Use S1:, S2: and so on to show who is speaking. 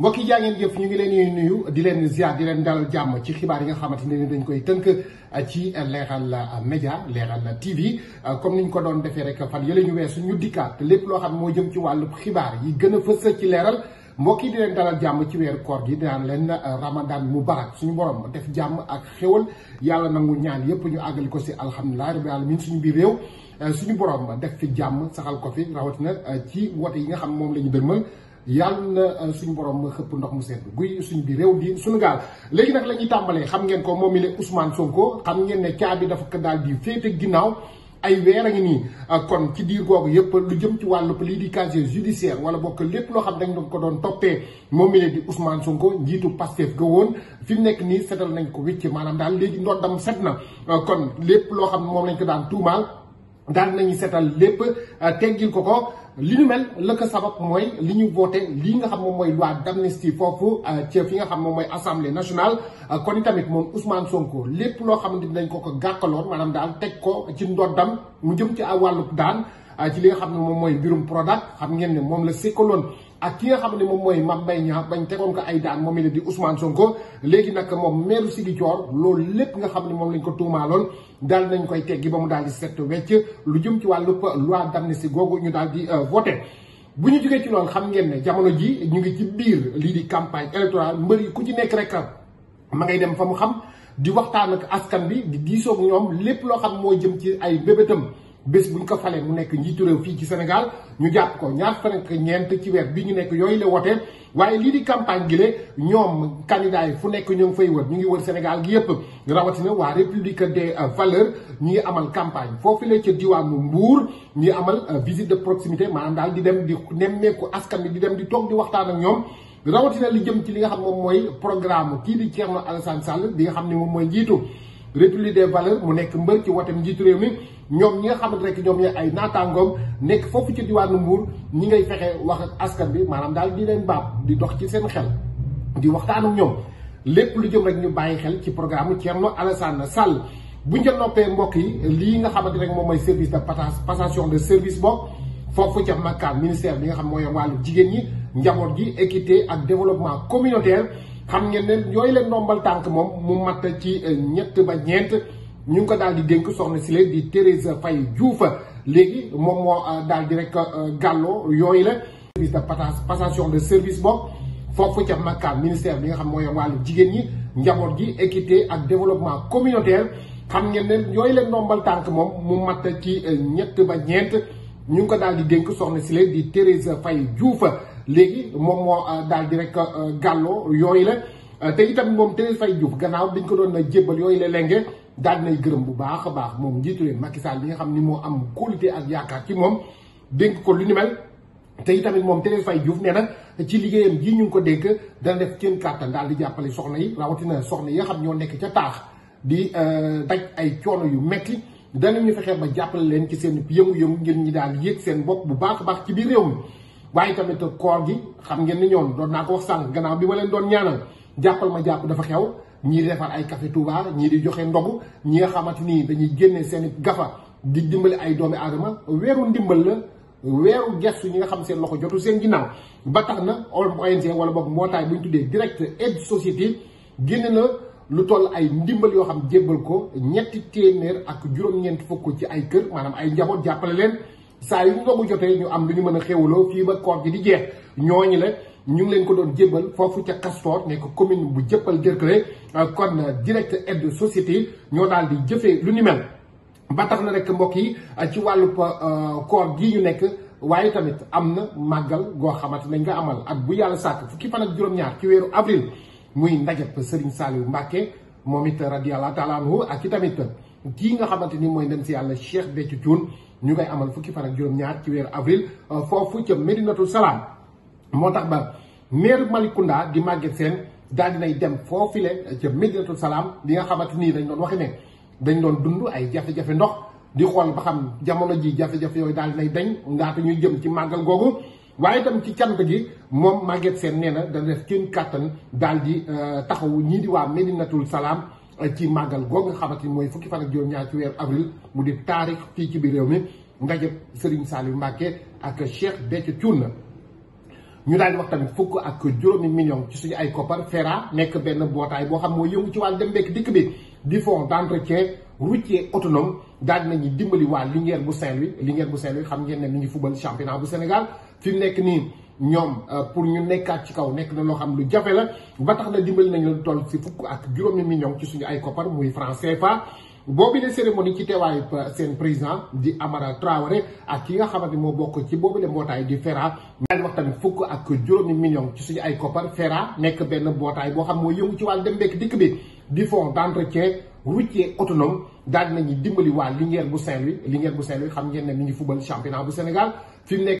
S1: mbokk yi jaa ngeen jëf ñu ngi leen di nuyu di leen ziar di leen dalal jàmm ci xibaar yi nga xamante ne ni dañ koy tënk eh, ci leeral média leeral TV eh, comme ni ñu ko doon defee rek fan yële ñu weesu ñu dikkaat lépp loo xam moo jëm ci wàllu xibaar yi gën a fës ci leeral. mbokk yi dalal jàmm ci weeru koor gi daan leen eh, ramadan mubarak suñu borom def jàmm ak xéwal yàlla nangu ñaan yépp ñu àggali ko si alhamdulilah rabbil alamin suñu biir réew suñu borom def fi jàmm saxal ko fi rawatina ci wote yi nga xam moom la ñu dërmal yàlla na euh, suñu borom xëpp ndox mu sedd guy suñ bi réew di suñu gaal léegi nag la ñuy tàmbalee xam ngeen ko moom mi ne Ousmane Sonko xam ngeen ne caabi dafa daal di féete ginnaaw ay weer a ngi nii euh, kon ci diir googu yëpp lu jëm ci wàllu lii di casier judiciaire wala bokk lépp loo xam dañ doon ko doon toppee moom mi di Ousmane Sonko njiitu Pastef ga woon fi mu nekk nii setal nañ ko wicc maanaam daal léegi ndoddam set na euh, kon lépp loo xam moom lañ ko daan tuumaal daan nañu seetal lépp euh, teggil ko ko li ñu mel la ko sabab mooy li ñu woote lii nga xam moom mooy loi d'amnistie foofu euh, ci fi nga xam moom mooy assemblée nationale euh, kon tamit moom Ousmane Sonko lépp loo xam ne dañ ko ko gàkkaloon maanaam daal teg ko ci ndoddam mu jëm ci wàllu daan ci li nga xam ne moom mooy mbirum Prodac xam ngeen ne moom la sekkaloon ak ki nga xam ne moom mooy Mame Mbaye Niang bañ tegoon ko ay daan moom la di Ousmane Sonko léegi nag moom meeru Ziguinchor loolu lépp nga xam ne moom lañ ko tuumaaloon daal nañ koy teggi ba mu daal di set wecc lu jëm ci wàllu loi d'amnistie googu ñu daal di euh, voté bu ñu jógee ci loolu xam ngeen ne jamono ji ñu ngi ci biir lii di campagne électorale mbër yi ku ci nekk rek ma ngay dem fa mu xam di waxtaan ak askan bi di diisoog ñoom lépp loo xam moo jëm ci ay bébétam bu buñ ko falee mu nekk njiitu réew fii ci Sénégal ñu jàpp ko ñaar fan ak ñeent ci weer bi ñu nekk yooyu la wote waaye lii di campagne gi le ñoom candidat fu nekk ñu ngi fay wër ñu ngi wër Sénégal gi yëpp rawatina waa République des valeurs ñu ngi amal campagne foofu la ca mu mbuur ñu amal euh, visite de proximité maanaam daal di dem di nemmeeku askan wi di dem di toog di waxtaan ak ñoom. rawatina li jëm ci li nga xam moom mooy programme kii di Thierno Alassane Sall bi nga xam ne moom mooy njiitu. république des valeurs mu nekk mbër ci watem njiitu réew mi ñoom ñi nga xamante rek ñoom ñooy ay naataangoom nekk foofu ci diwaanu Mbour ñi ngay fexe wax ak askan bi maanaam daal di leen baab di dox ci seen xel di waxtaan ak ñoom lépp lu jëm rek ñu bàyyi xel ci programme Thierno Alassane Sall buñ ca noppee mbokk yi lii nga xamante rek moom mooy service de passation de service boobu foofu ca makkaan ministère bi nga xam mooy wàllu jigéen ñi njaboot gi équité ak développement communautaire xam ngeen ne yooyu leen ndombal tànk moom mu mat ci euh, ñett ba ñeent ñu ngi ko daal di dénk soxna si leen di Thérèse Faye Diouf léegi moom moo euh, daal di rek euh, gàlloo yooyu la service de passation de service boobu foofu ca makkaan ministère bi nga xam mooy wàllu jigéen ñi njaboot gi équité ak développement communautaire xam ngeen ne yooyu tànk moom mu mat ci ñett ba ñeent ñu ngi ko daal di dénk soxna si leen di Thérèse léegi moom moo euh, daal di rek euh, gàlloo yooyu la euh, te itam moom Télé Faye Diouf gannaaw biñ ko doon na jébbal yooyu la lenge daal nay gërëm bu baax a baax moom njiitu leen Macky Sall bi nga xam ni moo am qualité ak yaakaar ci moom dénk ko lu ni mel te itamit moom Télé fay Diouf ne na ci liggéeyam jii ñu ngi ko dénk dana def kenn kàttan daal di jàppale soxna yi rawatina soxna yi nga xam ñoo nekk ca taax di daj ay coono yu metti ñu fexe ba jàppale leen ci seen yëngu-yëngu ngir ñi daal yéeg seen bopp bu baax a baax ci biir réew mi waaye tamit koor gi xam ngeen ni ñoom doon naa ko wax sànq gannaaw bi ma leen doon ñaanal jàppal ma jàpp dafa xew ñii di defar ay café Touba ñii di joxe ndogu ñi nga xamante ni dañuy génne seen gafa di dimbali ay doomi aadama weeru ndimbal la weeru gestu ñi nga xam seen loxo jotu seen ginnaaw ba tax na ONG wala boog mbootaay bu ñu tuddee Direct Aid Society génne na lu toll ay ndimbal yoo xam jébbal ko ñetti téeméer ak juróom-ñeent fukk ci ay kër maanaam ay njaboot jàppale leen saali yu ndogu jotee ñu am lu ñu mën a xewloo fii ba koor gi di jeex ñooñu la ñu ngi leen ko doon jébbal foofu ca Castor nekk commune bu jëppal Derklé euh, kon Direct Aide Société ñoo daal di jëfee lu ni mel ba tax na rek mbokk yi euh, ci wàllu euh, koor gii ñu nekk waaye tamit am na màggal goo xamante nañ nga amal ak bu yàlla sàkk fukki fan ak juróom-ñaar ci weeru avril muy ndajeb Serigne Saliou Mbacké moom it radiyallahu taala anhu ak i tamit kii nga xamante ni mooy ndem si yàlla Cheikh Béthio Thioune ñu ngay amal fukki fan ak juróom-ñaar ci weeru avril euh, foofu ca Medinatu Salaam moo tax ba maire Malicounda di Maguette Sène daal dinay dem foofile ca Medinatu Salaam bi nga xamante nii dañ doon waxi ne doon dund ay jafe-jafe ndox di xool ba xam jamono ji jafe-jafe yooyu daal dinay dañ ngaata ñuy jëm ci màggal googu waaye itam ci cant gi moom màgget seen nee na dana def kenn kàttan daal di euh, taxawu ñii di waa Medinatul Salaam ci màggal googu xamat xamante mooy fukki fan ak juróom-ñaar ci weer avril mu di taarix fii ci biir réew mi ndajëb Serigne Saliou Mbacké ak Cheikh Béthio Thioune ñu daal di wax tamit fukk ak juróomi million ci suñu ay koppar FERA nekk benn mbootaay boo xam moo yëngu ci wàllu dem bekk dikk bi di fonds d'entretien routier autonome daal nañu dimbali waa Linguère bu Saint-Louis Linguère bu Saint-Louis xam ngeen ne ñu ngi fubal championnat bu Sénégal fi mu nekk nii ñoom euh, pour ñu nekkaat ci kaw nekk na loo xam lu jafe la ba tax na dimbali nañu lu toll si fukk ak juróomi million ci suñu ay koppar muy franc CFA. boobu la cérémonie ci teewaayu euh, seen président di Amara Traoré ak ki nga xamante moo bokk ci boobu la mbootaay di FERA daal wax tamit fukk ak juróomi million ci suñu ay koppar FERA nekk benn mbootaay boo xam moo yëngu ci wàllu dem bekk dikk bi du fonds d'entretien routier autonome daal nañu dimbali waa Linguère bu Saint-Louis Linguère bu Saint-Louis xam ngeen ne mi ngi fubal championnat bu Sénégal fi mu nekk